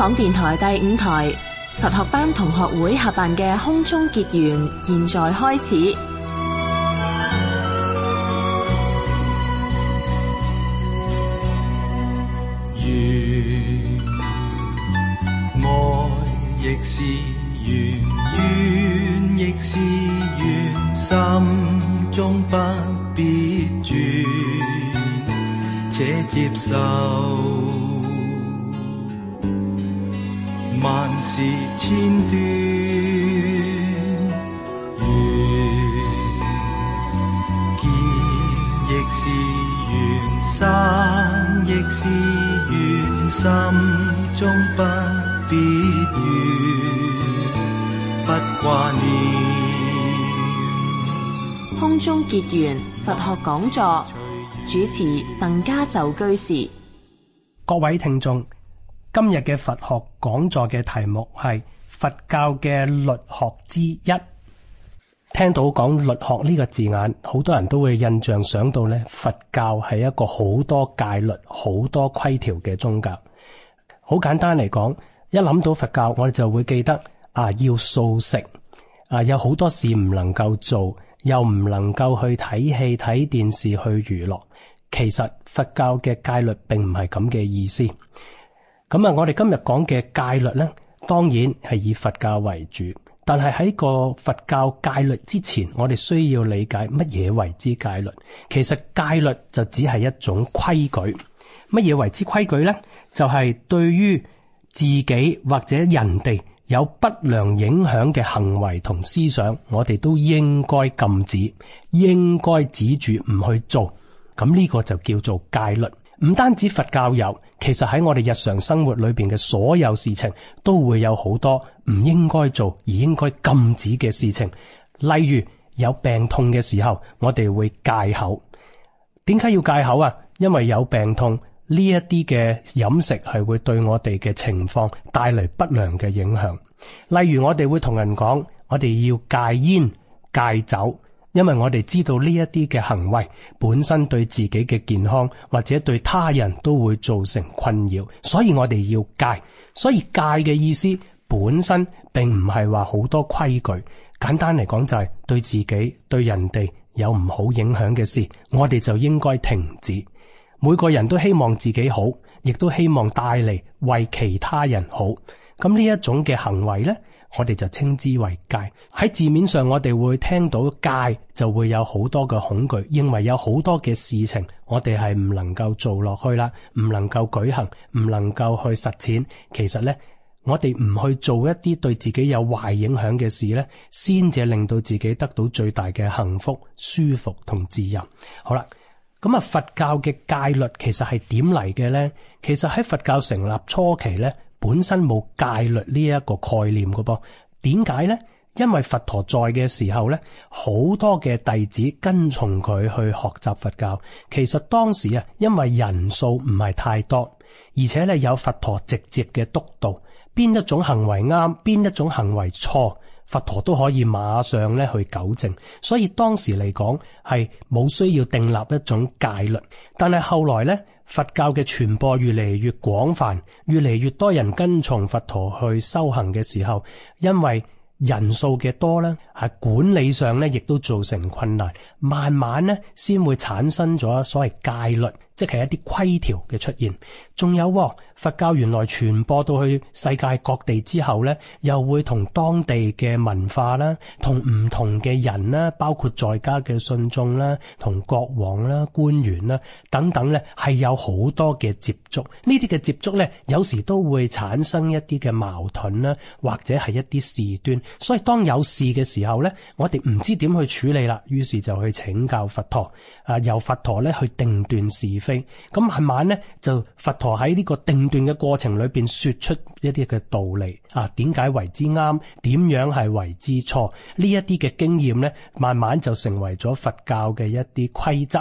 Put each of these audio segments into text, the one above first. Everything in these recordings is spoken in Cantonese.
香港電台第五台佛學班同學會合辦嘅空中結緣，現在開始。完佛學講座主持鄧家宙居士，各位聽眾，今日嘅佛學講座嘅題目係佛教嘅律學之一。聽到講律學呢個字眼，好多人都會印象想到咧，佛教係一個好多戒律，好多規條嘅宗教。好簡單嚟講，一諗到佛教，我哋就會記得啊，要素食啊，有好多事唔能夠做。又唔能夠去睇戲、睇電視去娛樂，其實佛教嘅戒律並唔係咁嘅意思。咁啊，我哋今日講嘅戒律呢，當然係以佛教為主，但係喺個佛教戒律之前，我哋需要理解乜嘢為之戒律。其實戒律就只係一種規矩，乜嘢為之規矩呢？就係對於自己或者人哋。有不良影響嘅行為同思想，我哋都應該禁止，應該止住唔去做。咁呢個就叫做戒律。唔單止佛教有，其實喺我哋日常生活裏邊嘅所有事情，都會有好多唔應該做而應該禁止嘅事情。例如有病痛嘅時候，我哋會戒口。點解要戒口啊？因為有病痛，呢一啲嘅飲食係會對我哋嘅情況帶嚟不良嘅影響。例如，我哋會同人講，我哋要戒煙、戒酒，因為我哋知道呢一啲嘅行為本身對自己嘅健康或者對他人都會造成困擾，所以我哋要戒。所以戒嘅意思本身並唔係話好多規矩，簡單嚟講就係對自己、對人哋有唔好影響嘅事，我哋就應該停止。每個人都希望自己好，亦都希望帶嚟為其他人好。咁呢一種嘅行為呢，我哋就稱之為戒。喺字面上，我哋會聽到戒，就會有好多嘅恐懼，認為有好多嘅事情我哋係唔能夠做落去啦，唔能夠舉行，唔能夠去實踐。其實呢，我哋唔去做一啲對自己有壞影響嘅事呢，先至令到自己得到最大嘅幸福、舒服同自由。好啦。咁啊，佛教嘅戒律其實係點嚟嘅咧？其實喺佛教成立初期咧，本身冇戒律呢一個概念㗎噃。點解咧？因為佛陀在嘅時候咧，好多嘅弟子跟從佢去學習佛教。其實當時啊，因為人數唔係太多，而且咧有佛陀直接嘅督導，邊一種行為啱，邊一種行為錯。佛陀都可以馬上咧去糾正，所以當時嚟講係冇需要訂立一種戒律。但係後來咧，佛教嘅傳播越嚟越廣泛，越嚟越多人跟從佛陀去修行嘅時候，因為人數嘅多咧，係管理上咧亦都造成困難，慢慢咧先會產生咗所謂戒律。即係一啲規條嘅出現，仲有佛教原來傳播到去世界各地之後咧，又會同當地嘅文化啦，同唔同嘅人啦，包括在家嘅信眾啦，同國王啦、官員啦等等咧，係有好多嘅接觸。呢啲嘅接觸咧，有時都會產生一啲嘅矛盾啦，或者係一啲事端。所以當有事嘅時候咧，我哋唔知點去處理啦，於是就去請教佛陀，啊，由佛陀咧去定斷是非。咁慢慢咧，就佛陀喺呢個定斷嘅過程裏邊，說出一啲嘅道理啊，點解為之啱，點樣係為之錯，呢一啲嘅經驗咧，慢慢就成為咗佛教嘅一啲規則。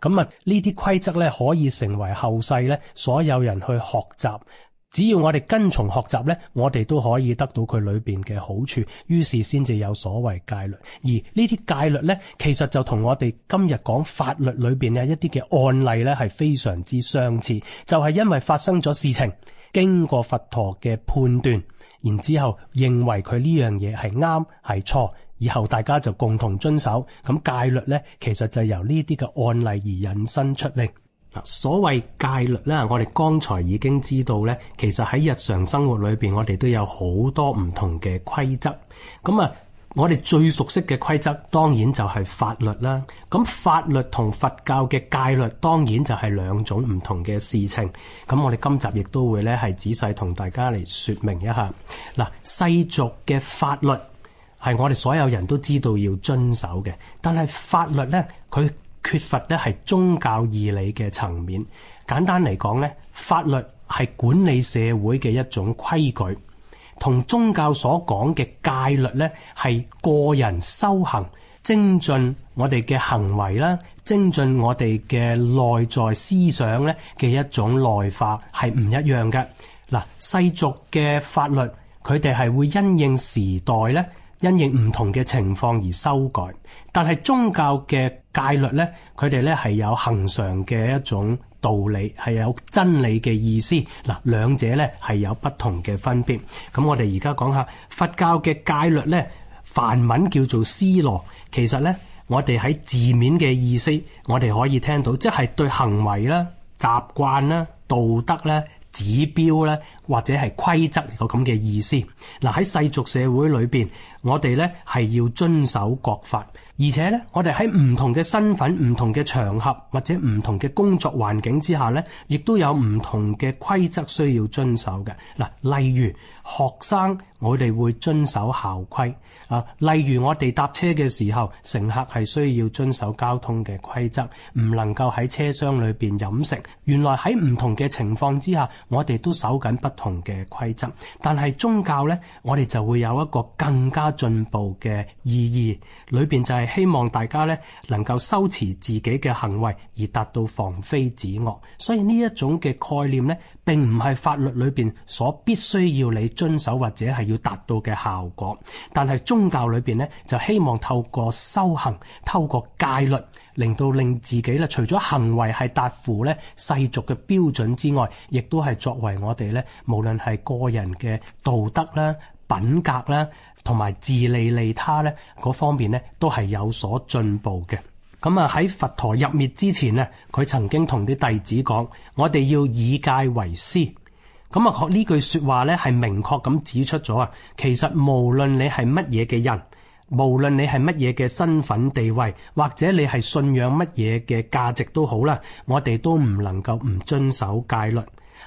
咁啊，呢啲規則咧，可以成為後世咧所有人去學習。只要我哋跟從學習咧，我哋都可以得到佢裏邊嘅好處。於是先至有所謂戒律，而呢啲戒律咧，其實就同我哋今日講法律裏邊嘅一啲嘅案例咧，係非常之相似。就係因為發生咗事情，經過佛陀嘅判斷，然之後認為佢呢樣嘢係啱係錯，以後大家就共同遵守。咁戒律咧，其實就由呢啲嘅案例而引申出嚟。嗱，所謂戒律咧，我哋剛才已經知道咧，其實喺日常生活裏邊，我哋都有好多唔同嘅規則。咁啊，我哋最熟悉嘅規則，當然就係法律啦。咁法律同佛教嘅戒律，當然就係兩種唔同嘅事情。咁我哋今集亦都會咧，係仔細同大家嚟説明一下。嗱，世俗嘅法律係我哋所有人都知道要遵守嘅，但係法律呢，佢，缺乏咧係宗教義理嘅層面。簡單嚟講咧，法律係管理社會嘅一種規矩，同宗教所講嘅戒律咧係個人修行精進我哋嘅行為啦，精進我哋嘅內在思想咧嘅一種內化係唔一樣嘅。嗱，世俗嘅法律，佢哋係會因應時代咧。因應唔同嘅情況而修改，但係宗教嘅戒律呢，佢哋呢係有恒常嘅一種道理，係有真理嘅意思。嗱，兩者呢係有不同嘅分別。咁、嗯、我哋而家講下佛教嘅戒律呢，梵文叫做思羅，其實呢，我哋喺字面嘅意思，我哋可以聽到，即係對行為啦、習慣啦、道德啦。指標咧，或者係規則有咁嘅意思。嗱喺世俗社會裏邊，我哋咧係要遵守國法，而且咧我哋喺唔同嘅身份、唔同嘅場合或者唔同嘅工作環境之下咧，亦都有唔同嘅規則需要遵守嘅。嗱，例如學生，我哋會遵守校規。例如我哋搭車嘅時候，乘客係需要遵守交通嘅規則，唔能夠喺車廂裏邊飲食。原來喺唔同嘅情況之下，我哋都守緊不同嘅規則。但係宗教呢，我哋就會有一個更加進步嘅意義，裏邊就係希望大家呢能夠修持自己嘅行為，而達到防非止惡。所以呢一種嘅概念呢，並唔係法律裏邊所必須要你遵守或者係要達到嘅效果，但係宗教裏邊咧就希望透過修行，透過戒律，令到令自己咧除咗行為係達乎咧世俗嘅標準之外，亦都係作為我哋咧無論係個人嘅道德啦、品格啦，同埋自利利他咧嗰方面咧，都係有所進步嘅。咁啊，喺佛陀入滅之前呢，佢曾經同啲弟子講：「我哋要以戒為師。」咁啊，呢句說話咧係明確咁指出咗啊。其實無論你係乜嘢嘅人，無論你係乜嘢嘅身份地位，或者你係信仰乜嘢嘅價值都好啦，我哋都唔能夠唔遵守戒律。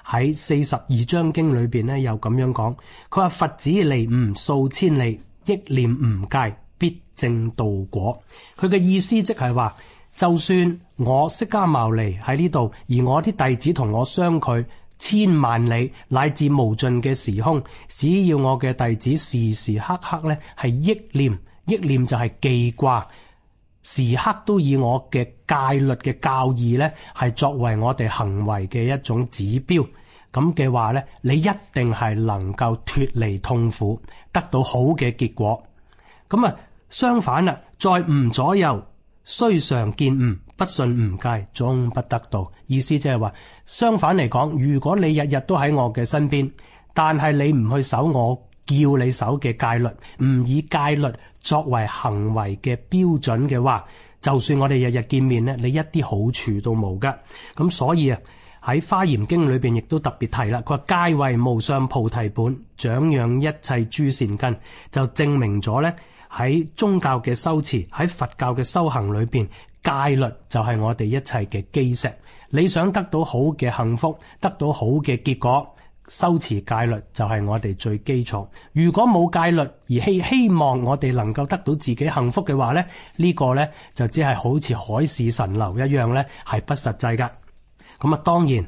喺四十二章經裏邊咧，有咁樣講：「佢話佛子離悟數千里，憶念唔戒。」正道果，佢嘅意思即係話，就算我釋迦牟尼喺呢度，而我啲弟子同我相距千萬里乃至無盡嘅時空，只要我嘅弟子時時刻刻咧係憶念，憶念就係記掛，時刻都以我嘅戒律嘅教義咧係作為我哋行為嘅一種指標，咁嘅話咧，你一定係能夠脫離痛苦，得到好嘅結果，咁啊。相反啦，在吾左右，雖常見吾，不信吾戒，終不得道。意思即係話，相反嚟講，如果你日日都喺我嘅身邊，但係你唔去守我叫你守嘅戒律，唔以戒律作為行為嘅標準嘅話，就算我哋日日見面咧，你一啲好處都冇噶。咁所以啊，喺《華嚴經》裏邊亦都特別提啦，佢話戒為無上菩提本，長養一切諸善根，就證明咗咧。喺宗教嘅修持，喺佛教嘅修行裏邊，戒律就係我哋一切嘅基石。你想得到好嘅幸福，得到好嘅結果，修持戒律就係我哋最基礎。如果冇戒律而希希望我哋能夠得到自己幸福嘅話咧，呢個咧就只係好似海市蜃樓一樣咧，係不實際噶。咁啊，當然。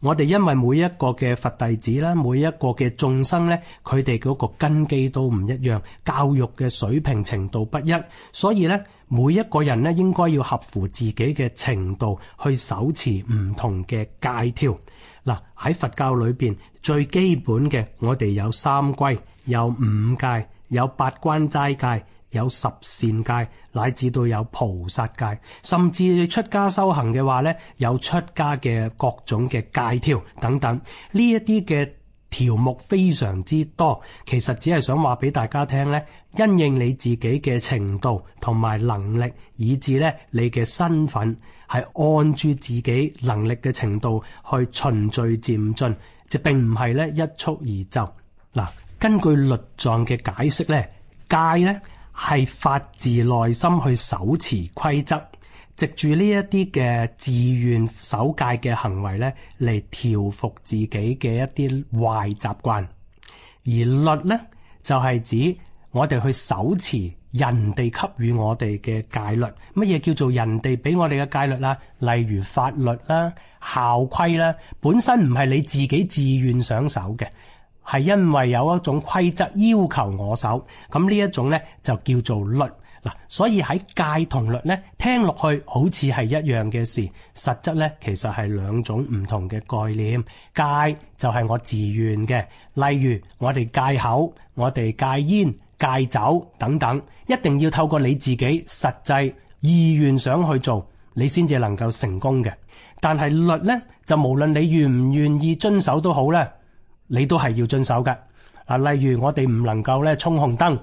我哋因為每一個嘅佛弟子啦，每一個嘅眾生咧，佢哋嗰個根基都唔一樣，教育嘅水平程度不一，所以咧每一個人咧應該要合乎自己嘅程度去守持唔同嘅戒條嗱。喺佛教裏邊最基本嘅，我哋有三皈，有五戒，有八關齋戒，有十善戒。乃至到有菩薩戒，甚至出家修行嘅話呢，有出家嘅各種嘅戒條等等，呢一啲嘅條目非常之多。其實只係想話俾大家聽呢，因應你自己嘅程度同埋能力，以至呢你嘅身份係按住自己能力嘅程度去循序漸進，就並唔係呢一蹴而就。嗱，根據律藏嘅解釋呢，戒呢，係發自內心去守持規則，藉住呢一啲嘅自願守戒嘅行為咧，嚟調服自己嘅一啲壞習慣。而律咧就係、是、指我哋去守持人哋給予我哋嘅戒律。乜嘢叫做人哋俾我哋嘅戒律啦？例如法律啦、啊、校規啦、啊，本身唔係你自己自願想守嘅。係因為有一種規則要求我守，咁呢一種呢就叫做律嗱，所以喺戒同律呢，聽落去好似係一樣嘅事，實質呢，其實係兩種唔同嘅概念。戒就係我自願嘅，例如我哋戒口，我哋戒煙，戒酒等等，一定要透過你自己實際意願想去做，你先至能夠成功嘅。但係律呢，就無論你願唔願意遵守都好呢。你都係要遵守嘅，啊，例如我哋唔能夠咧衝紅燈，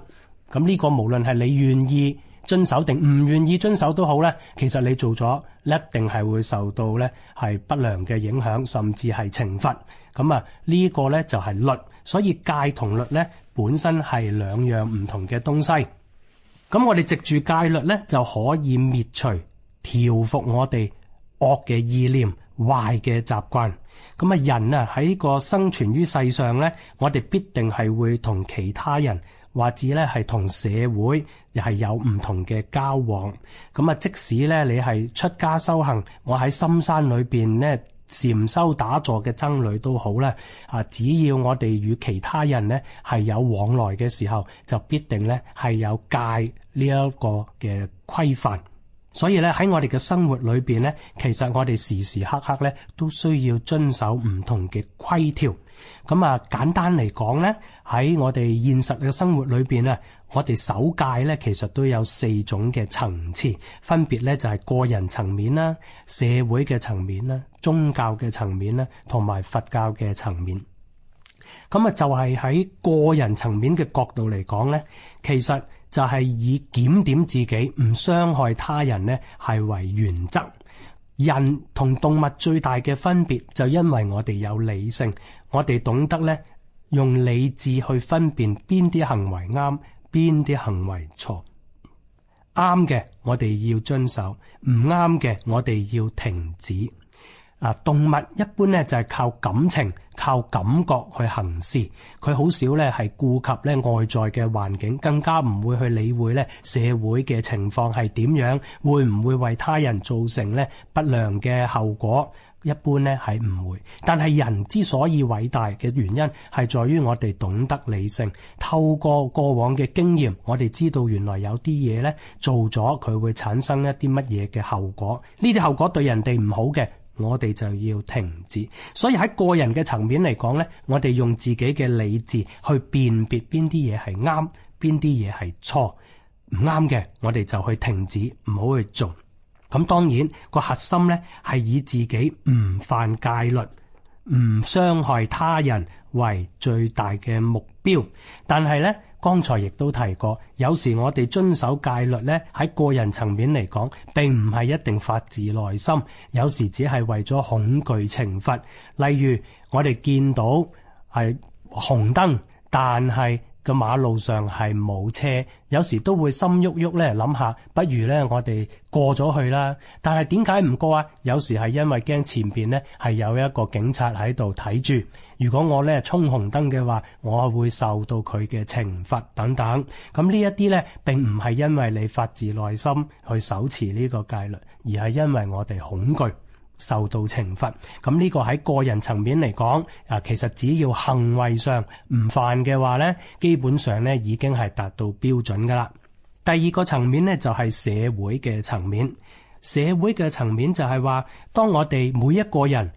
咁呢個無論係你願意遵守定唔願意遵守都好咧，其實你做咗，一定係會受到咧係不良嘅影響，甚至係懲罰。咁啊，呢個咧就係律，所以戒同律咧本身係兩樣唔同嘅東西。咁我哋藉住戒律咧就可以滅除調服我哋惡嘅意念、壞嘅習慣。咁啊，人啊喺個生存於世上咧，我哋必定係會同其他人或者咧係同社會又係有唔同嘅交往。咁啊，即使咧你係出家修行，我喺深山裏邊咧禪修打坐嘅僧侶都好咧。啊，只要我哋與其他人咧係有往來嘅時候，就必定咧係有戒呢一個嘅規範。所以咧喺我哋嘅生活裏邊咧，其實我哋時時刻刻咧都需要遵守唔同嘅規條。咁啊，簡單嚟講咧，喺我哋現實嘅生活裏邊啊，我哋守戒咧其實都有四種嘅層次，分別咧就係個人層面啦、社會嘅層面啦、宗教嘅層面啦，同埋佛教嘅層面。咁啊，就係、是、喺個人層面嘅角度嚟講咧，其實。就係以檢點自己唔傷害他人呢，係為原則。人同動物最大嘅分別就因為我哋有理性，我哋懂得呢用理智去分辨邊啲行為啱，邊啲行為錯。啱嘅我哋要遵守，唔啱嘅我哋要停止。啊！動物一般咧就係靠感情、靠感覺去行事，佢好少咧係顧及咧外在嘅環境，更加唔會去理會咧社會嘅情況係點樣，會唔會為他人造成咧不良嘅後果？一般咧係唔會。但係人之所以偉大嘅原因，係在於我哋懂得理性，透過過往嘅經驗，我哋知道原來有啲嘢咧做咗佢會產生一啲乜嘢嘅後果？呢啲後果對人哋唔好嘅。我哋就要停止，所以喺個人嘅層面嚟講呢，我哋用自己嘅理智去辨別邊啲嘢係啱，邊啲嘢係錯，唔啱嘅我哋就去停止，唔好去做。咁當然，個核心呢係以自己唔犯戒律，唔傷害他人。為最大嘅目標，但係呢，剛才亦都提過，有時我哋遵守戒律呢，喺個人層面嚟講並唔係一定發自內心，有時只係為咗恐懼懲罰。例如我哋見到係紅燈，但係個馬路上係冇車，有時都會心喐喐呢諗下，不如呢，我哋過咗去啦。但係點解唔過啊？有時係因為驚前邊呢係有一個警察喺度睇住。如果我咧衝紅燈嘅話，我會受到佢嘅懲罰等等。咁呢一啲咧，並唔係因為你發自內心去守持呢個戒律，而係因為我哋恐懼受到懲罰。咁呢個喺個人層面嚟講，啊，其實只要行為上唔犯嘅話咧，基本上咧已經係達到標準噶啦。第二個層面咧就係社會嘅層面，社會嘅層面就係話，當我哋每一個人，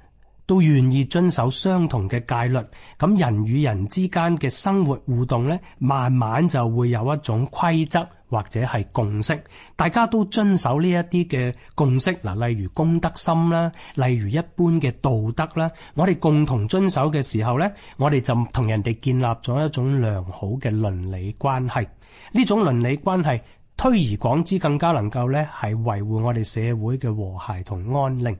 都願意遵守相同的戒律，咁人與人之間的生活互動呢，慢慢就會有一種規則，或者係共識。大家都遵守呢一啲嘅共識，嗱，例如公德心，例如一般嘅道德，我哋共同遵守嘅時候呢，我哋就同人哋建立咗一種良好嘅倫理關係。呢種倫理關係，推而廣之更加能夠呢，係維護我哋社會嘅和諧同安寧。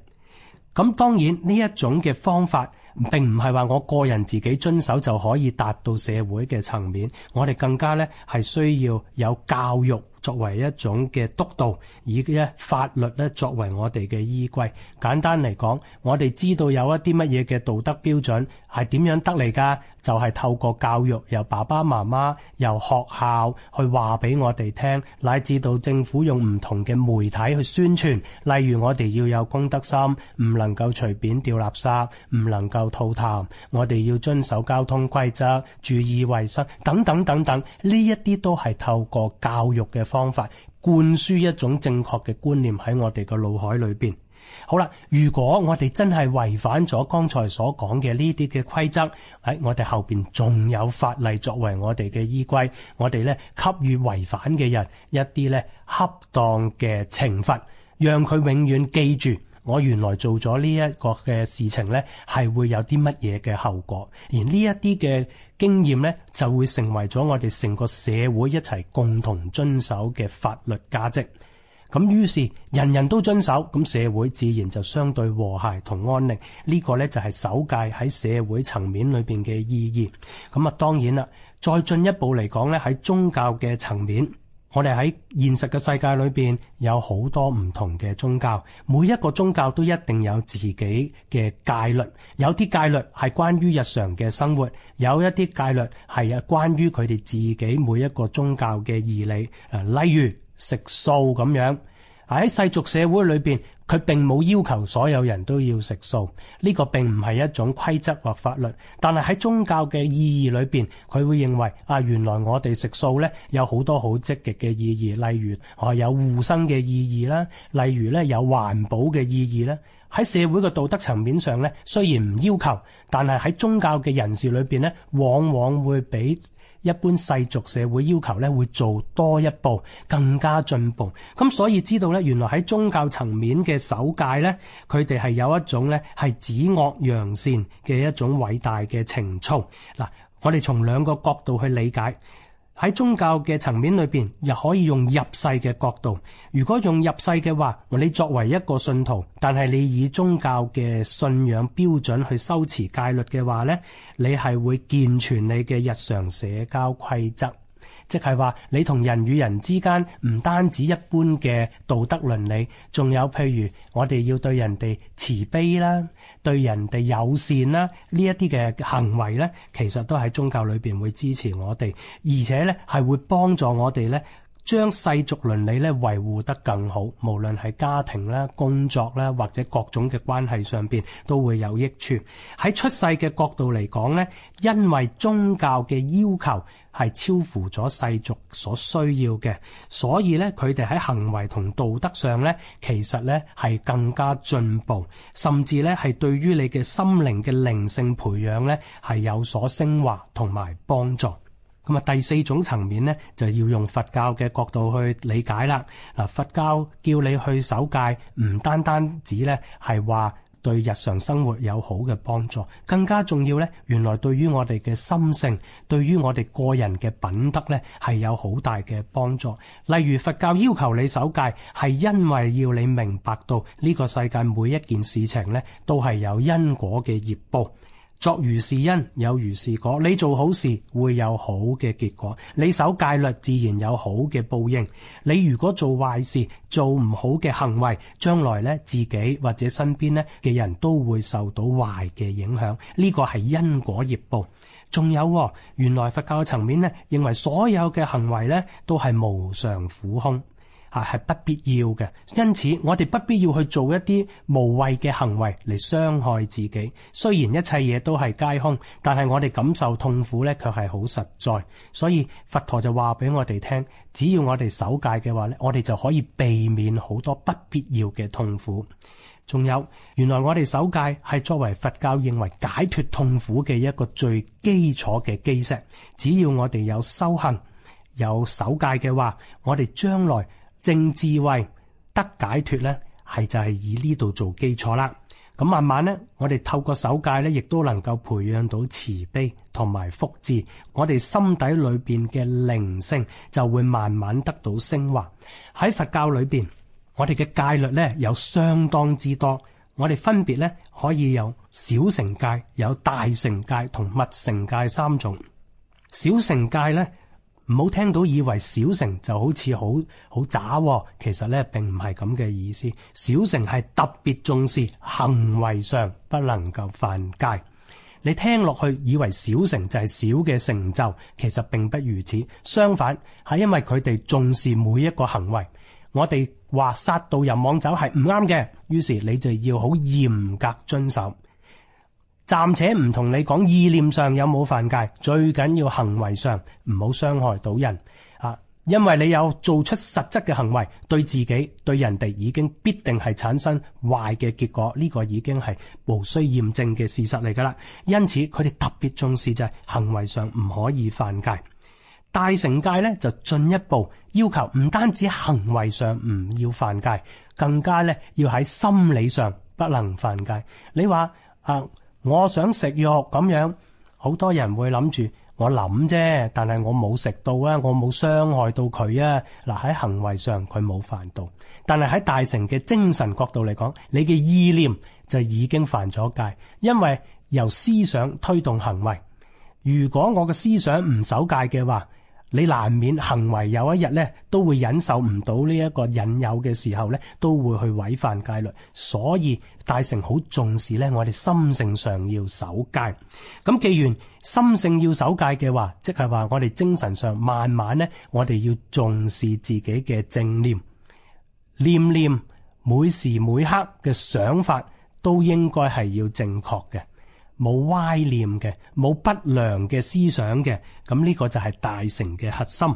咁當然呢一種嘅方法並唔係話我個人自己遵守就可以達到社會嘅層面，我哋更加咧係需要有教育。作為一種嘅督導，以及法律咧作為我哋嘅依歸，簡單嚟講，我哋知道有一啲乜嘢嘅道德標準係點樣得嚟噶，就係透過教育，由爸爸媽媽由學校去話俾我哋聽，乃至到政府用唔同嘅媒體去宣傳，例如我哋要有公德心，唔能夠隨便掉垃圾，唔能夠吐痰，我哋要遵守交通規則，注意衛生等等等等。呢一啲都係透過教育嘅。方法灌輸一種正確嘅觀念喺我哋嘅腦海裏邊。好啦，如果我哋真係違反咗剛才所講嘅呢啲嘅規則，喺我哋後邊仲有法例作為我哋嘅依歸，我哋呢給予違反嘅人一啲呢恰當嘅懲罰，讓佢永遠記住。我原來做咗呢一個嘅事情呢，係會有啲乜嘢嘅後果，而呢一啲嘅經驗呢，就會成為咗我哋成個社會一齊共同遵守嘅法律價值。咁於是人人都遵守，咁社會自然就相對和諧同安寧。呢、呢個呢，就係守戒喺社會層面裏邊嘅意義。咁啊，當然啦，再進一步嚟講呢，喺宗教嘅層面。我哋喺現實嘅世界裏邊，有好多唔同嘅宗教，每一個宗教都一定有自己嘅戒律，有啲戒律係關於日常嘅生活，有一啲戒律係啊關於佢哋自己每一個宗教嘅義理，誒，例如食素咁樣，喺世俗社會裏邊。佢並冇要求所有人都要食素，呢個並唔係一種規則或法律，但係喺宗教嘅意義裏邊，佢會認為啊，原來我哋食素咧有好多好積極嘅意義，例如我、啊、有護生嘅意義啦，例如咧有環保嘅意義啦，喺社會嘅道德層面上咧雖然唔要求，但係喺宗教嘅人士裏邊咧，往往會俾。一般世俗社會要求咧會做多一步，更加進步。咁所以知道咧，原來喺宗教層面嘅守戒咧，佢哋係有一種咧係止惡揚善嘅一種偉大嘅情操。嗱，我哋從兩個角度去理解。喺宗教嘅層面裏邊，又可以用入世嘅角度。如果用入世嘅話，你作為一個信徒，但係你以宗教嘅信仰標準去修持戒律嘅話呢，你係會健全你嘅日常社交規則。即係話，你同人與人之間唔單止一般嘅道德倫理，仲有譬如我哋要對人哋慈悲啦，對人哋友善啦，呢一啲嘅行為咧，其實都喺宗教裏邊會支持我哋，而且咧係會幫助我哋咧。將世俗倫理咧維護得更好，無論係，家庭啦、工作啦或者各種嘅關係上邊，都會有益處。喺出世嘅角度嚟講咧，因為宗教嘅要求係超乎咗世俗所需要嘅，所以咧佢哋喺行為同道德上咧，其實咧係更加進步，甚至咧係對於你嘅心靈嘅靈性培養咧係有所升華同埋幫助。咁啊，第四種層面咧，就要用佛教嘅角度去理解啦。嗱，佛教叫你去守戒，唔單單止咧係話對日常生活有好嘅幫助，更加重要咧。原來對於我哋嘅心性，對於我哋個人嘅品德咧，係有好大嘅幫助。例如佛教要求你守戒，係因為要你明白到呢個世界每一件事情咧，都係有因果嘅業報。作如是因，有如是果。你做好事會有好嘅結果，你守戒律自然有好嘅報應。你如果做壞事、做唔好嘅行為，將來咧自己或者身邊咧嘅人都會受到壞嘅影響。呢個係因果業報。仲有哦，原來佛教嘅層面咧，認為所有嘅行為咧都係無常苦空。吓係不必要嘅，因此我哋不必要去做一啲無謂嘅行為嚟，傷害自己。雖然一切嘢，都係皆空，但係我哋感受痛苦咧，卻係好實在。所以佛陀就話俾我哋聽，只要我哋守戒嘅話咧，我哋就可以避免好多不必要嘅痛苦。仲有，原來我哋守戒係作為佛教認為解脫痛苦嘅一個最基礎嘅基石。只要我哋有修行、有守戒嘅話，我哋將來。正智慧得解脫咧，係就係以呢度做基礎啦。咁慢慢咧，我哋透過守戒咧，亦都能夠培養到慈悲同埋福智。我哋心底裏邊嘅靈性就會慢慢得到升華。喺佛教裏邊，我哋嘅戒律咧有相當之多。我哋分別咧可以有小乘戒、有大乘戒同密乘戒三種。小乘戒咧。唔好聽到以為小乘就好似好好渣，其實咧並唔係咁嘅意思。小乘係特別重視行為上不能夠犯戒。你聽落去以為小乘就係小嘅成就，其實並不如此。相反係因為佢哋重視每一個行為。我哋話殺盜淫妄酒係唔啱嘅，於是你就要好嚴格遵守。暫且唔同你講意念上有冇犯戒，最緊要行為上唔好傷害到人啊。因為你有做出實質嘅行為，對自己對人哋已經必定係產生壞嘅結果，呢個已經係無需驗證嘅事實嚟噶啦。因此，佢哋特別重視就係行為上唔可以犯戒。大乘戒咧就進一步要求，唔單止行為上唔要犯戒，更加咧要喺心理上不能犯戒。你話啊？我想食肉咁樣，好多人會諗住我諗啫，但係我冇食到啊，我冇傷害到佢啊。嗱，喺行為上佢冇犯到，但係喺大乘嘅精神角度嚟講，你嘅意念就已經犯咗戒，因為由思想推動行為。如果我嘅思想唔守戒嘅話，你難免行為有一日咧，都會忍受唔到呢一個引誘嘅時候咧，都會去違反戒律。所以大乘好重視咧，我哋心性上要守戒。咁既然心性要守戒嘅話，即係話我哋精神上慢慢咧，我哋要重視自己嘅正念，念念每時每刻嘅想法都應該係要正確嘅。冇歪念嘅，冇不良嘅思想嘅，咁呢個就係大成嘅核心。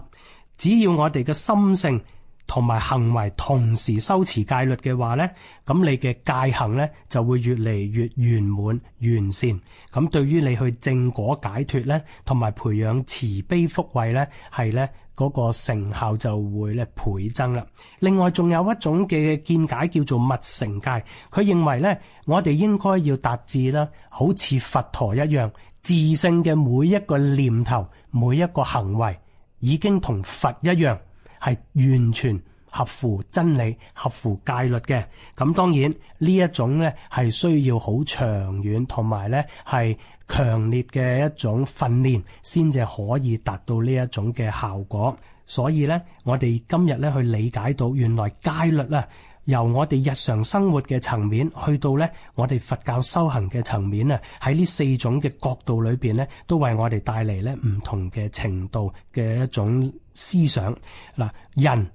只要我哋嘅心性同埋行為同時修持戒律嘅話呢，咁你嘅戒行呢就會越嚟越圓滿完善。咁對於你去正果解脫呢，同埋培養慈悲福慧呢，係呢。嗰個成效就會咧倍增啦。另外仲有一種嘅見解叫做物成戒，佢認為咧，我哋應該要達至啦，好似佛陀一樣，自性嘅每一個念頭、每一個行為，已經同佛一樣，係完全合乎真理、合乎戒律嘅。咁，當然呢一種呢係需要好長遠，同埋呢係強烈嘅一種訓練，先至可以達到呢一種嘅效果。所以呢，我哋今日呢去理解到，原來戒律咧由我哋日常生活嘅層面去到呢我哋佛教修行嘅層面啊，喺呢四種嘅角度裏邊呢，都為我哋帶嚟呢唔同嘅程度嘅一種思想嗱，人。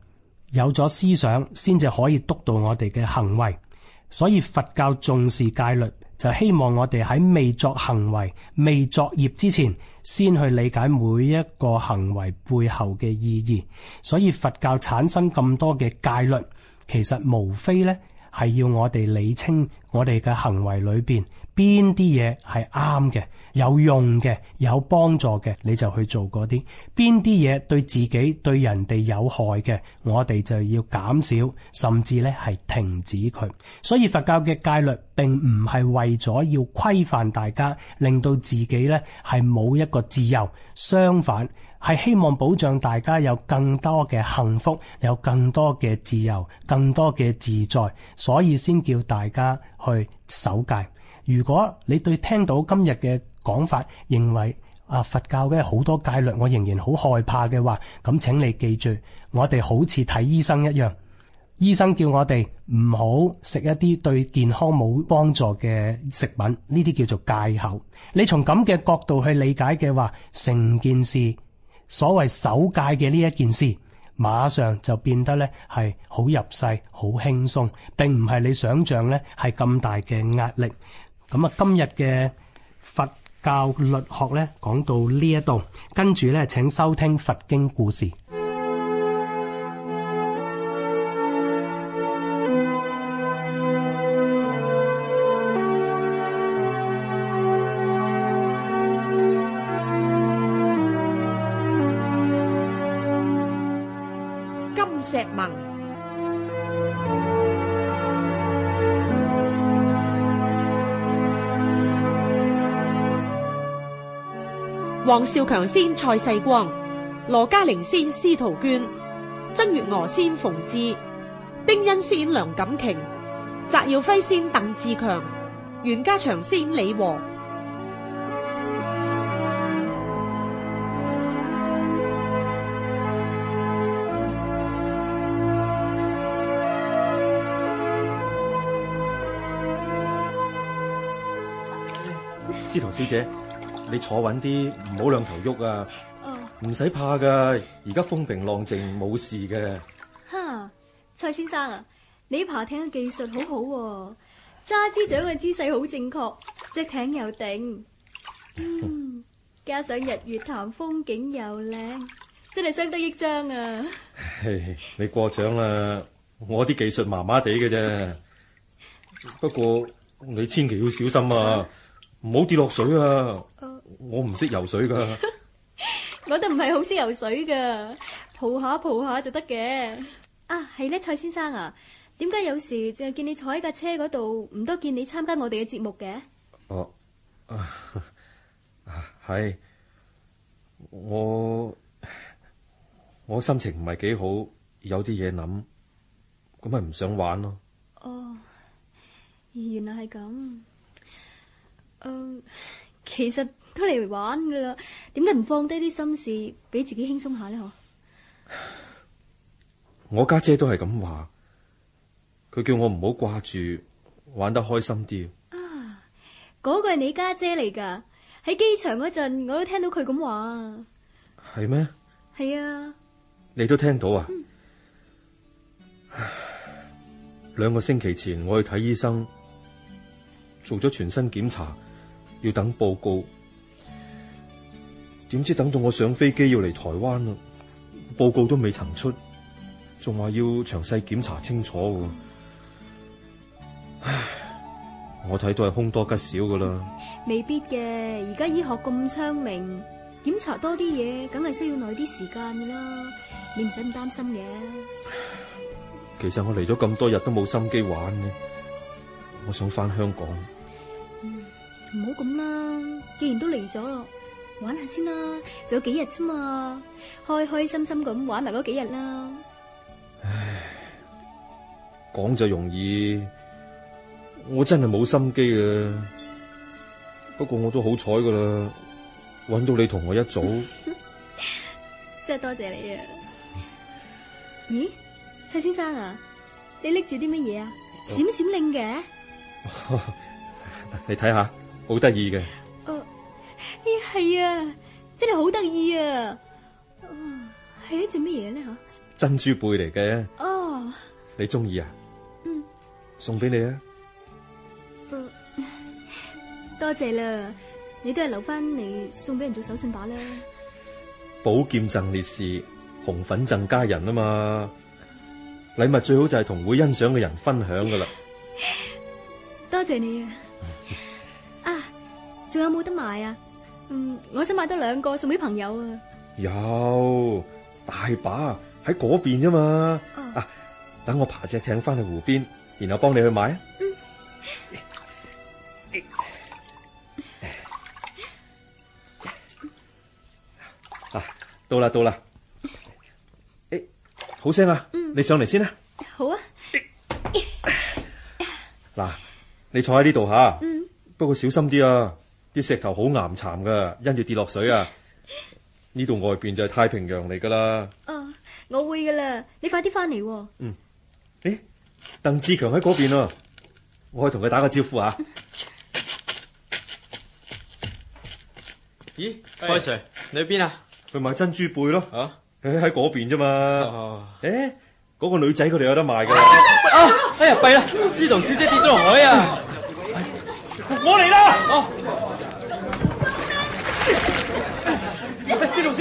有咗思想，先至可以督導我哋嘅行為，所以佛教重視戒律，就希望我哋喺未作行為、未作業之前，先去理解每一個行為背後嘅意義。所以佛教產生咁多嘅戒律，其實無非咧係要我哋理清我哋嘅行為裏邊。邊啲嘢係啱嘅、有用嘅、有幫助嘅，你就去做嗰啲；邊啲嘢對自己對人哋有害嘅，我哋就要減少，甚至咧係停止佢。所以佛教嘅戒律並唔係為咗要規範大家，令到自己咧係冇一個自由。相反係希望保障大家有更多嘅幸福，有更多嘅自由，更多嘅自在。所以先叫大家去守戒。如果你對聽到今日嘅講法認為啊佛教嘅好多戒律我仍然好害怕嘅話，咁請你記住，我哋好似睇醫生一樣，醫生叫我哋唔好食一啲對健康冇幫助嘅食品，呢啲叫做戒口。你從咁嘅角度去理解嘅話，成件事所謂守戒嘅呢一件事，馬上就變得咧係好入世、好輕鬆，並唔係你想象咧係咁大嘅壓力。咁啊，今日嘅佛教律學咧，講到呢一度，跟住咧，請收聽佛經故事。金石盟。黃少強先，蔡世光，羅嘉玲先，司徒娟，曾月娥先，馮志，丁恩先，梁錦瓊，翟耀輝先，鄧志強，袁家祥先，李和，司徒小姐。你坐穩啲，唔好兩頭喐啊！唔使、啊、怕噶，而家風平浪靜，冇事嘅。哈，蔡先生啊，你爬艇嘅技術好好、啊，揸支槳嘅姿勢好正確，隻、嗯、艇又定，嗯、 加上日月潭風景又靚，真係相得益彰啊！Hey, 你過獎啦，我啲技術麻麻地嘅啫。不過你千祈要小心啊，唔好跌落水啊！我唔識游水噶，我都唔係好識游水噶，抱下抱下下就得嘅。啊，係咧，蔡先生啊,點解有時淨係見你坐喺架車嗰度，唔多見你參加我哋嘅節目嘅？哦，啊，係我我心情唔係幾好，有啲嘢諗，咁咪唔想玩咯。哦，原來係咁，呃其實都嚟玩噶啦，點解唔放低啲心事，俾自己輕鬆下呢？嗬！我家姐都係咁話，佢叫我唔好掛住，玩得開心啲。啊，嗰個係你家姐嚟噶，喺機場嗰陣我都聽到佢咁話。係咩？係啊，你都聽到啊？兩個星期前我去睇醫生，做咗全身檢查。要等報告，點知等到我上飛機要嚟台灣啦。報告都未曾出，仲話要詳細檢查清楚。唉，我睇都係凶多吉少噶啦。未必嘅，而家醫學咁昌明，檢查多啲嘢，梗係需要耐啲時間噶啦。你唔使咁擔心嘅。其實我嚟咗咁多日都冇心機玩嘅，我想翻香港。唔好咁啦，既然都嚟咗咯，玩下先啦。仲有幾日啫嘛，開開心心咁玩埋嗰幾日啦。唉，講就容易，我真係冇心機啦。不過我都好彩噶啦，搵到你同我一組， 真係多謝，謝你啊！咦，蔡先生啊，你拎住啲乜嘢啊？閃閃令嘅， 你睇下。好得意嘅，哦，係、哎、啊，真係好得意啊！哦，係一隻乜嘢咧？吓，珍珠貝嚟嘅。哦，你中意啊？嗯，送俾你啊！哦、多謝啦，你都係留翻嚟送俾人做手信把啦！寶劍贈烈士，紅粉贈佳人啊嘛！禮物最好就係同會欣賞嘅人分享噶啦。多謝你啊！仲有冇得買啊？嗯，我想買多兩個送俾朋友啊。有大把喺嗰邊啫嘛。哦、啊，等我爬隻艇翻去湖邊，然後幫你去買啊。嗯、啊，到啦到啦。誒、欸，好聲啊。嗯、你上嚟先啦、啊。好啊。嗱、啊，你坐喺呢度吓。啊、嗯。不過小心啲啊。啲石頭好岩巉噶，因住跌落水啊！呢度外邊就係太平洋嚟噶啦。哦，我會噶啦，你快啲翻嚟。嗯。誒，鄧志強喺嗰邊啊，我去同佢打個招呼啊。咦，阿 Sir，你去邊啊？去買珍珠貝咯。吓，喺喺嗰邊啫嘛。誒，嗰個女仔佢哋有得賣噶。啊！哎呀，弊啦，司徒小姐跌咗落海啊！我嚟啦。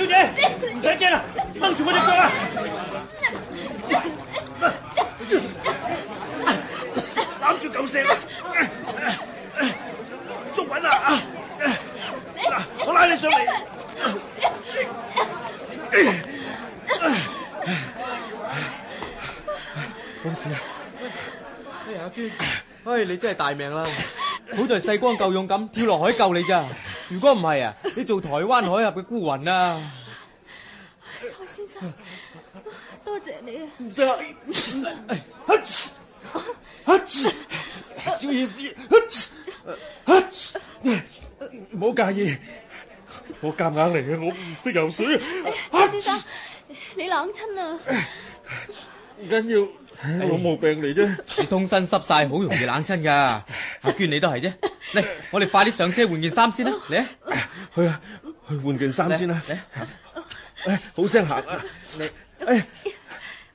唔使驚啦，掹住我隻腳啦，攬住狗蛇，捉緊啦啊！嗱，我拉你上嚟。冇事啊？哎呀，阿娟，哎，你真係大命啦，好在細光夠勇敢，跳落海救你咋。如果唔係啊，你做台灣海峽嘅孤魂啊！蔡先生，marriage, 多謝你啊！唔使小意思，唔好介意，我夾硬嚟嘅，我唔識游水。蔡先生，你冷親啊。唔緊要。唉我冇病嚟啫，啊，你通身濕晒，好容易冷親㗎。阿娟你都係啫，嚟，我哋快啲上車換件衫先啦。嚟，去啊，去換件衫先啦。嚟，哎，好聲行啊。你，哎，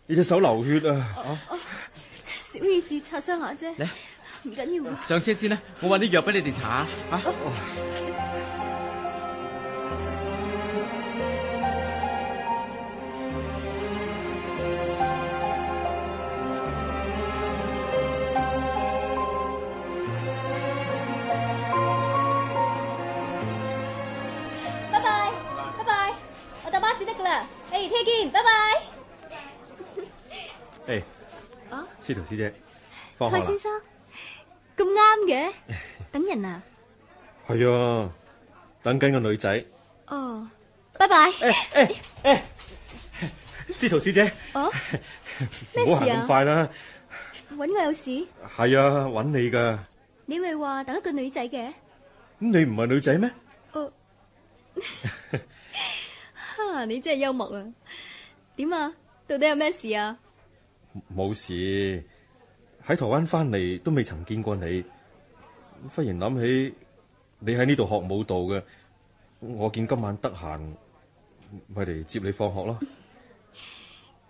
你隻手流血啊？吓，小意思，擦傷下啫。嚟來，唔緊要，要。上車先啦，我搵啲藥俾你哋搽吓。我啊聽見，拜拜。誒，啊，司徒小姐，方華。蔡先生，咁啱嘅，等人啊。係啊，等緊個女仔。哦，拜拜。誒誒誒，司徒小姐。哦。咩事啊？咁快啦，搵我有事。係啊，搵你噶。你咪話等一個女仔嘅。咁你唔係女仔咩？哦。你真係幽默啊！點啊？到底有咩事啊？冇事，喺台灣翻嚟都未曾見過你，忽然諗起你喺呢度學舞蹈嘅，我見今晚得閒，咪嚟接你放學咯。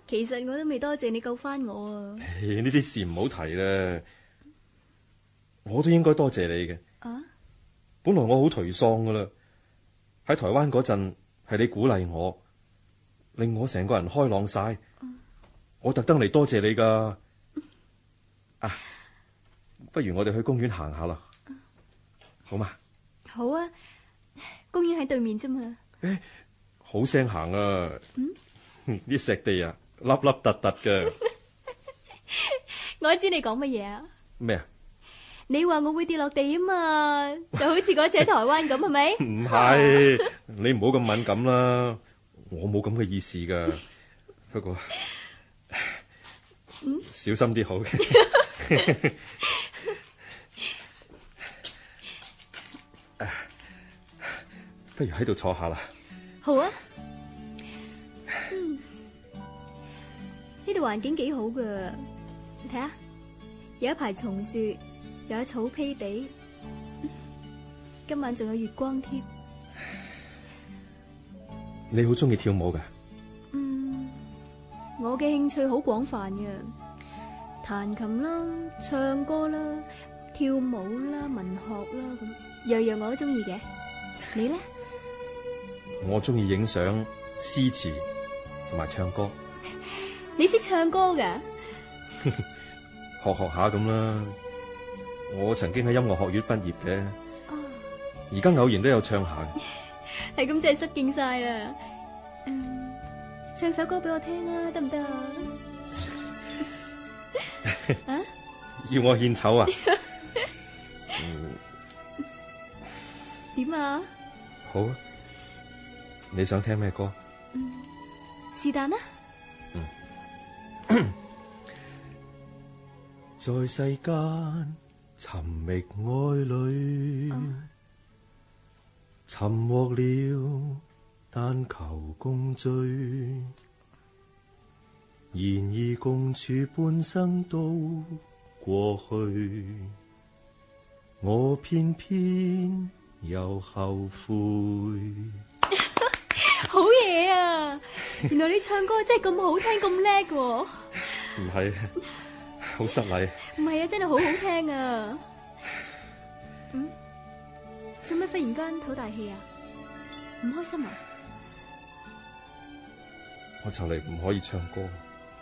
其實我都未多謝你救翻我啊！呢啲 事唔好提啦，我都應該多謝你嘅。啊！本來我好頹喪噶啦，喺台灣嗰陣。係你鼓勵我，令我成個人開朗晒。嗯、我特登嚟多謝你噶。啊，不如我哋去公園行下啦，好嘛？好啊，公園喺對面啫嘛、欸。好聲行啊，啲、嗯、 石地啊，凹凹凸凸嘅。 我知你講乜嘢啊？咩啊？你話我會跌落地啊嘛，就好似嗰次喺台灣咁，係咪？唔係，你唔好咁敏感啦，我冇咁嘅意思噶。不過，嗯，小心啲好。不如喺度坐下啦。好啊。嗯，呢度環境幾好噶，你睇下，有一排松樹。有草坯地，今晚仲有月光添。你好中意跳舞㗎？嗯，我嘅興趣好廣泛嘅，彈琴啦、唱歌啦、跳舞啦、文學啦，咁樣樣我都中意嘅。你呢？我中意影相、詩詞同埋唱歌。你識唱歌㗎？ 學學下咁啦。我曾經喺音樂學院畢業嘅，而家偶然都有唱下嘅，係咁 真係失敬晒啦，嗯！唱首歌俾我聽啊，得唔得啊？ 要我獻醜啊？ 嗯，點啊？好啊！你想聽咩歌？嗯，是但啦。嗯 在世間。尋覓愛侶，尋獲了，但求共醉，然而共處半生都過去，我偏偏又後悔。 好嘢啊！原來你唱歌真係咁好聽，咁叻㗎！唔係。 好失禮！唔係啊，真係好好聽啊！嗯，做咩忽然間唞大氣啊？唔開心啊？我就嚟唔可以唱歌。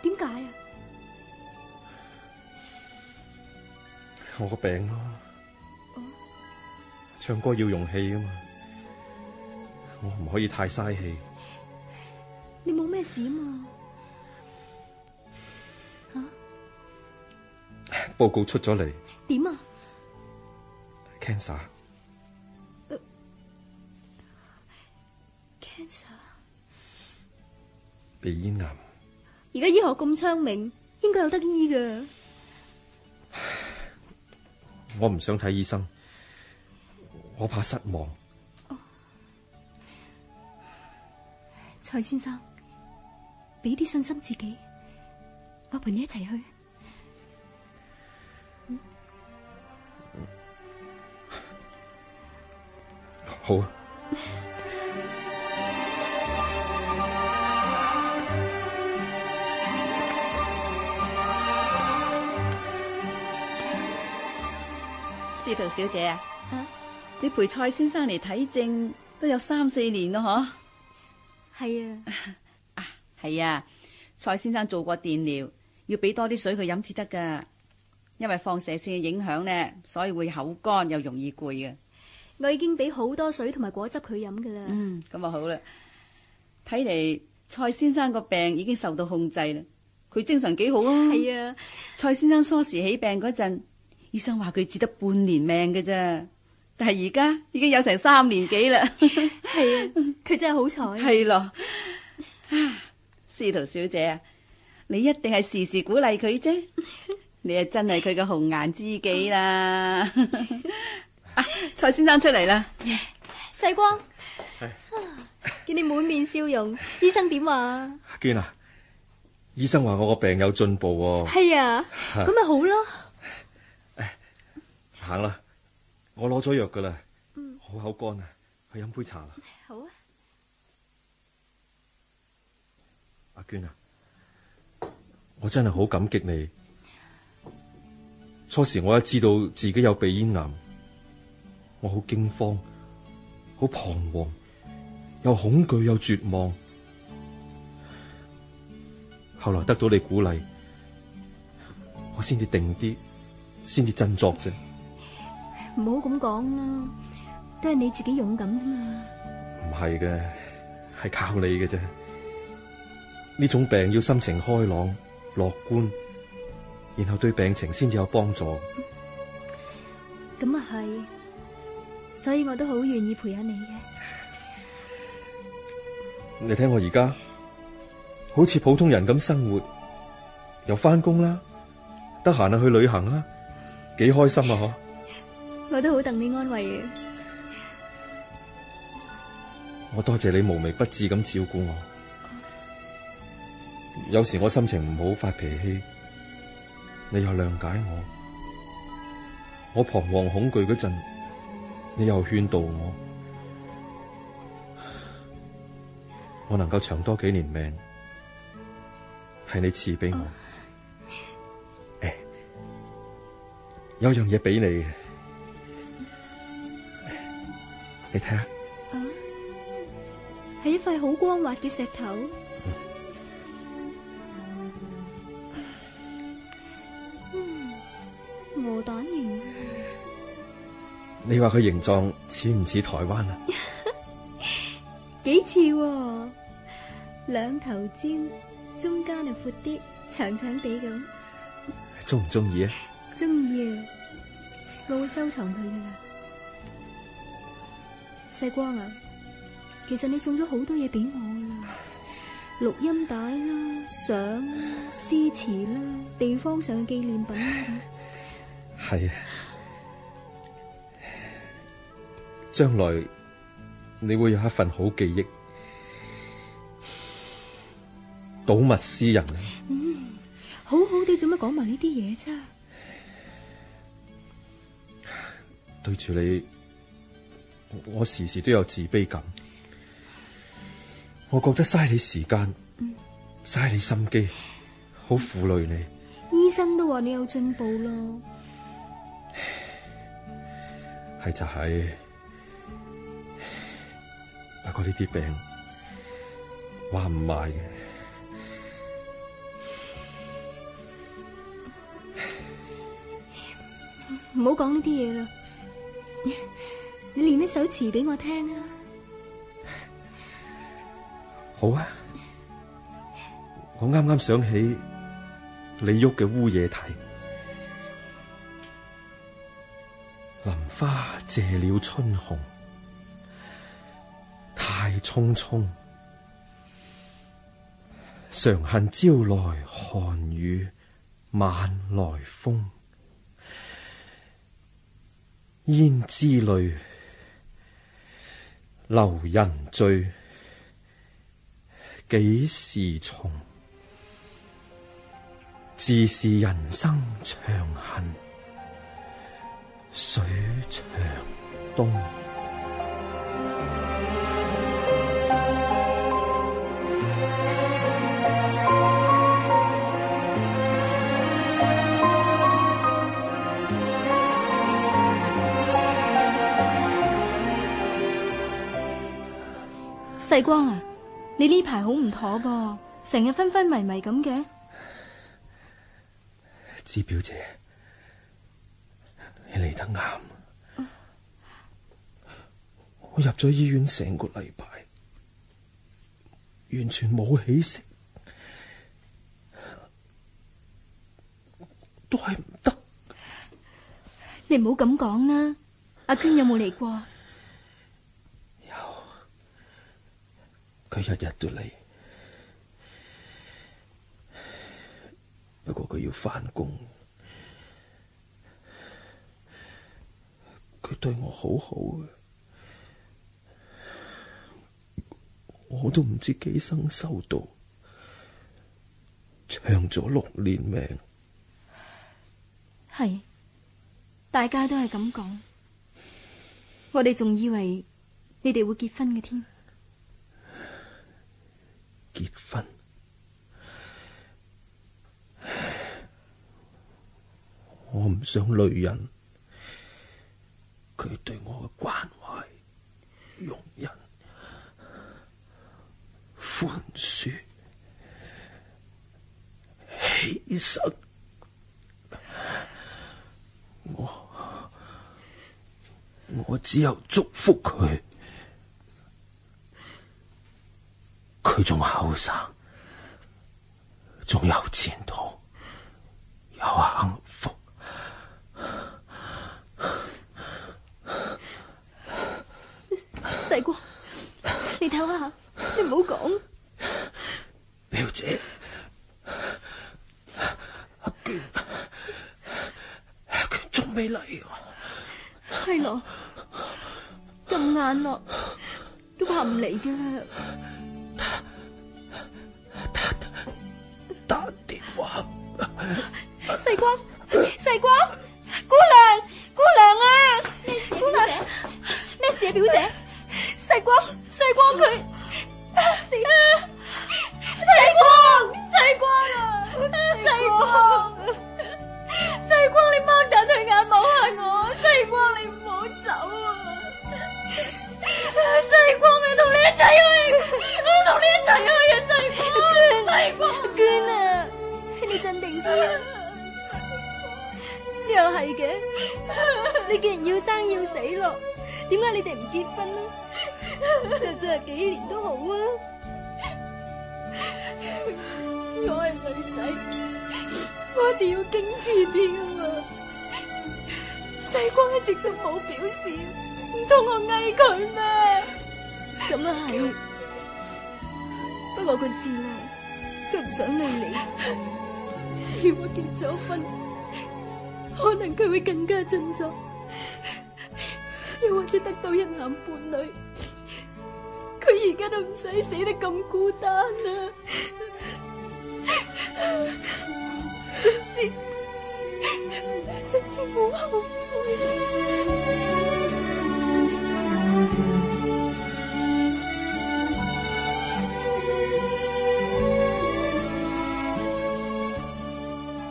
點解啊？我個病咯。哦。唱歌要用氣啊嘛，我唔可以太嘥氣。你冇咩事啊嘛？報告出咗嚟，點啊？cancer，cancer，鼻咽癌。而家 醫學咁昌明，應該有得醫噶寧寧。我唔想睇醫生，我怕失望。哦、蔡先生，俾啲信心自己，我陪你一齊去。好啊，司徒小姐啊，你陪蔡先生嚟睇症都有三四年咯，嗬？係啊，啊係啊，蔡先生做過電療，要俾多啲水佢飲至得噶，因為放射線嘅影響呢，所以會口乾又容易攰嘅。我已經俾好多水同埋果汁佢飲噶啦。嗯，咁啊好啦，睇嚟蔡先生個病已經受到控制啦，佢精神幾好啊。係啊，蔡先生初時起病嗰陣，醫生話佢只得半年命噶啫，但係而家已經有成三年幾啦。係 啊，佢真係好彩。係咯、啊，啊，司徒小姐啊，你一定係時時鼓勵佢啫， 你啊真係佢個紅顏知己啦。 啊、蔡先生出嚟啦，世光，見唉你滿面笑容，唉醫生點話？阿娟啊，醫生話我個病有進步。係啊，咁咪、啊、好咯。行啦，我攞咗藥噶啦。嗯、好口乾啊，去飲杯茶啦。好啊，阿娟啊，我真係好感激你。初時我一知道自己有鼻咽癌。我好驚慌，好彷徨，又恐懼又絕望。後來得到你鼓勵，我先至定啲，先至振作啫。唔好咁講啦，都係你自己勇敢啫嘛。唔係嘅，係靠你嘅啫。呢種病要心情開朗、樂觀，然後對病情先至有幫助。咁啊係。所以我都好願意陪下你嘅。你睇我而家好似普通人咁生活，又返工啦，得閒啊去旅行啦，幾開心啊！嗬，我都好等你安慰嘅。我多謝你無微不至咁照顧我。有時我心情唔好發脾氣，你又諒解我。我彷徨恐懼嗰陣，你又勸導我，我能夠長多幾年命，係你賜俾我。嗯欸、有樣嘢俾你，你睇下，係、啊、一塊好光滑嘅石頭。嗯，鵝蛋、嗯。你話佢形狀似唔似台灣 啊？幾似，兩頭尖，中間又闊啲，長長地咁。中唔中意啊？中意，我會收藏佢噶啦。細光啊，其實你送咗好多嘢俾我啦、啊，錄音帶啦、啊，相啦、啊，詩詞啦，地方上嘅紀念品啦。係啊。 將來你會有一份好記憶，睹物思人，嗯。好好地做乜講埋呢啲嘢啫？對住你我，我時時都有自卑感。我覺得嘥你時間，嘥你心機，好負累你。醫生都話你有進步啦，係 就係、是。我呢啲病話唔埋嘅，唔好講呢啲嘢啦。你念一首詞俾我聽啊。好啊，我啱啱想起李煜嘅烏夜啼：林花謝了春紅。匆匆，常恨朝來寒雨，晚來風。胭脂淚，留人醉，幾時重？自是人生長恨水長東。志光啊，你呢排好唔妥噃，成日昏昏迷迷咁嘅。志表姐，你嚟得啱， 我入咗醫院成個禮拜，完全冇起色，都係唔得。你唔好咁講啦，阿娟有冇嚟過？佢日日都嚟，不過佢要翻工。佢對我好好嘅，我都唔知幾生修到，長咗六年命。係，大家都係咁講。我哋仲以為你哋會結婚嘅添。我唔想累人，佢對我嘅關懷、容忍、寬恕、犧牲，我我只有祝福佢，佢仲後生，仲有前途，有幸。你唔好講，表姐，阿娟，阿娟仲未嚟？係咯，咁晏咯，都怕唔嚟㗎。打打打電話，細光，細光，姑娘，姑娘啊，姑娘，咩事啊，表姐，細光。細光佢，細光，細光啊，細光，細光，你擘大佢眼望下我，細光你唔好走啊，細光我同你一齊去，我同你一齊去啊，細光，細光，娟啊，你鎮定啲啊，又係嘅，你既然要生要死咯，點解你哋唔結婚啊？就算係幾年都好啊！我係女仔，我一定要矜持啲啊嘛。西光一直都冇表示，唔通我嗌佢咩？咁啊係。 不過佢知啦，佢唔想理你。如果結咗婚，可能佢會更加振作，又或者得到一男半女。佢而家都唔使死得咁孤單啊！陳， 真係好後悔。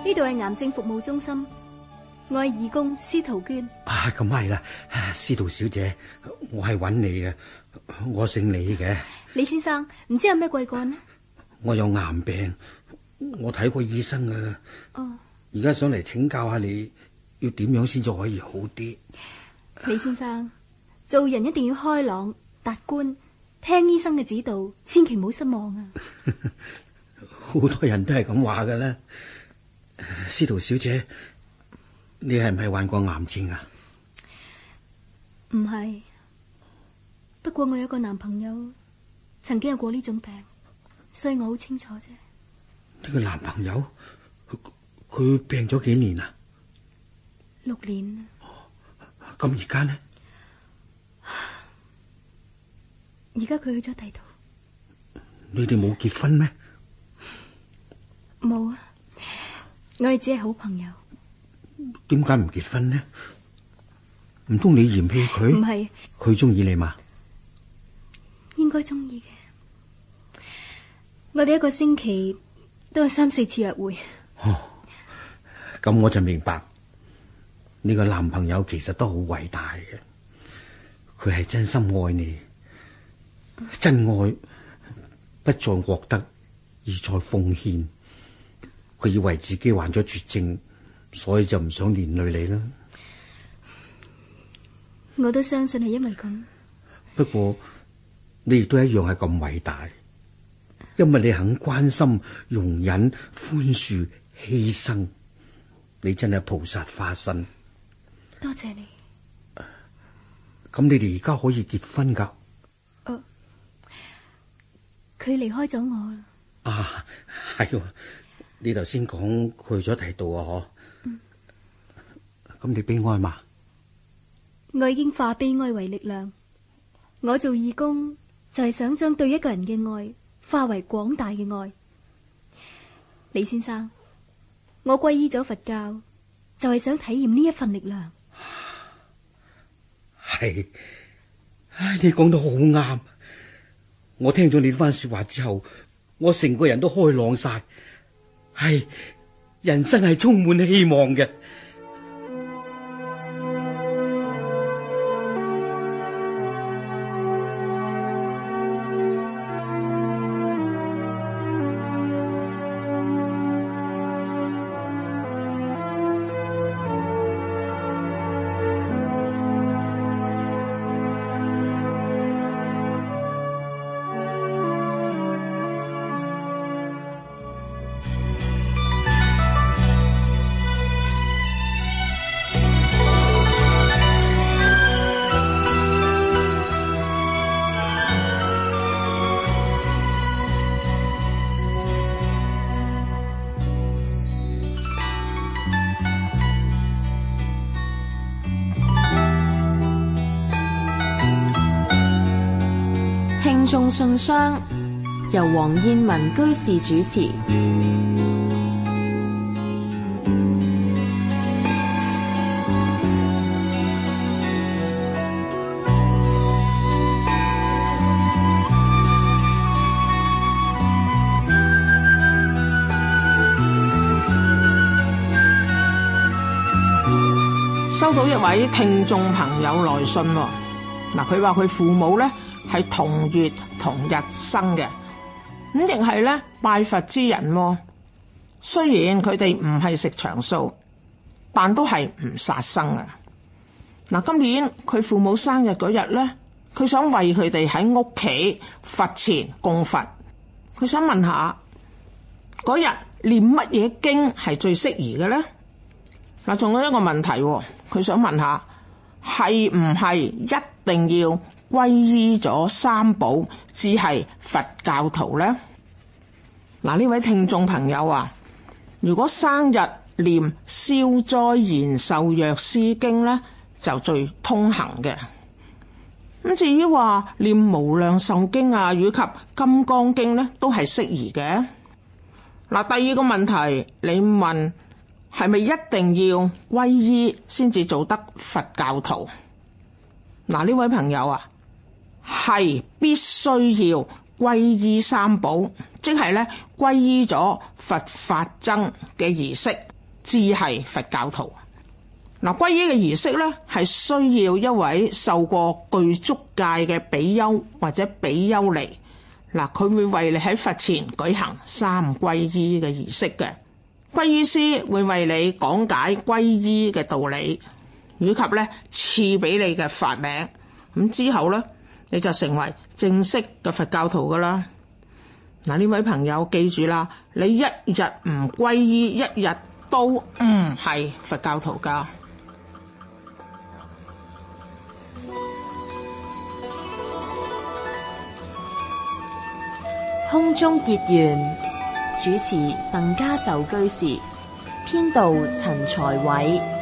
呢度係癌症服務中心，我係義工司徒娟。啊，咁係啦，司徒小姐，我係揾你嘅。我姓李嘅，李先生，唔知有咩貴幹呢？我有癌病，我睇過醫生啊。哦，而家想嚟請教下你要點樣先至可以好啲？李先生，做人一定要開朗達觀，聽醫生嘅指導，千祈唔好失望啊！好 多人都係咁話噶啦，司徒小姐，你係唔係患過癌症啊？唔係。不過我有個男朋友，曾經有過呢種病，所以我好清楚啫。呢個男朋友，佢病咗幾年啊？六年。哦，咁而家呢？而家佢去咗第度？你哋冇結婚咩？冇啊，我哋只係好朋友。點解唔結婚呢？唔通你嫌棄佢？唔係，佢中意你嘛？應該中意嘅，我哋一個星期都有三四次約會。哦，咁我就明白，呢個男朋友其實都好偉大嘅，佢係真心愛你，真愛不再獲得而再奉獻。佢以為自己患咗絕症，所以就唔想連累你啦。我都相信係因為咁。不過。你亦都一樣係咁偉大，因為你肯關心、容忍、寬恕、犧牲，你真係菩薩化身。多謝，謝你。咁你哋而家可以結婚噶？佢離開咗我啦。啊，係、啊啊。你頭先講去咗大道啊？嗬、嗯。咁你悲哀嘛？我已經化悲哀為力量。我做義工。就係想將對一個人嘅愛化為廣大嘅愛，李先生，我皈依咗佛教，就係、是、想體驗呢一份力量。係，你講得好啱，我聽咗你呢番說話之後，我成個人都開朗晒，係，人生係充滿希望嘅。黃燕文居士主持。收到一位聽眾朋友來信，嗱，佢話佢父母咧係同月同日生嘅。咁亦係咧，拜佛之人，雖然佢哋唔係食長素，但都係唔殺生啊。嗱，今年佢父母生日嗰日咧，佢想為佢哋喺屋企佛前供佛，佢想問下，嗰日念乜嘢經係最適宜嘅咧？嗱，仲有一個問題，佢想問下，係唔係一定要皈依咗三寶至係佛教徒咧？嗱，呢位聽眾朋友啊，如果生日念《消災延壽藥師經》咧，就最通行嘅。咁至於話念《無量壽經》啊，以及《金剛經》咧，都係適宜嘅。嗱，第二個問題，你問係咪一定要皈依先至做得佛教徒？嗱，呢位朋友啊，係必須要。皈依三寶，即係咧皈依咗佛法僧嘅儀式，至係佛教徒。嗱，皈依嘅儀式咧係需要一位受過具足戒嘅比丘或者比丘尼，嗱，佢會為你喺佛前舉行三皈依嘅儀式嘅。皈依師會為你講解皈依嘅道理，以及咧賜俾你嘅法名。咁之後咧，你就成為正式嘅佛教徒噶啦！嗱，呢位朋友記住啦，你一日唔皈依，一日都唔係佛教徒噶。嗯、空中結緣，主持鄧家宙居士，編導陳才偉。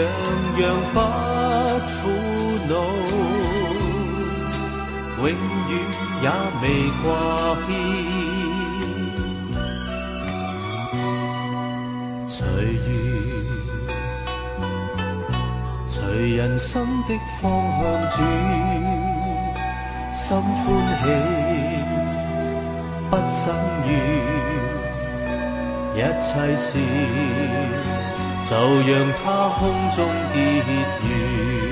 樣樣不苦惱，永遠也未掛牽。隨緣，隨人生的方向轉，心歡喜，不生怨，一切事，就讓它空中結緣。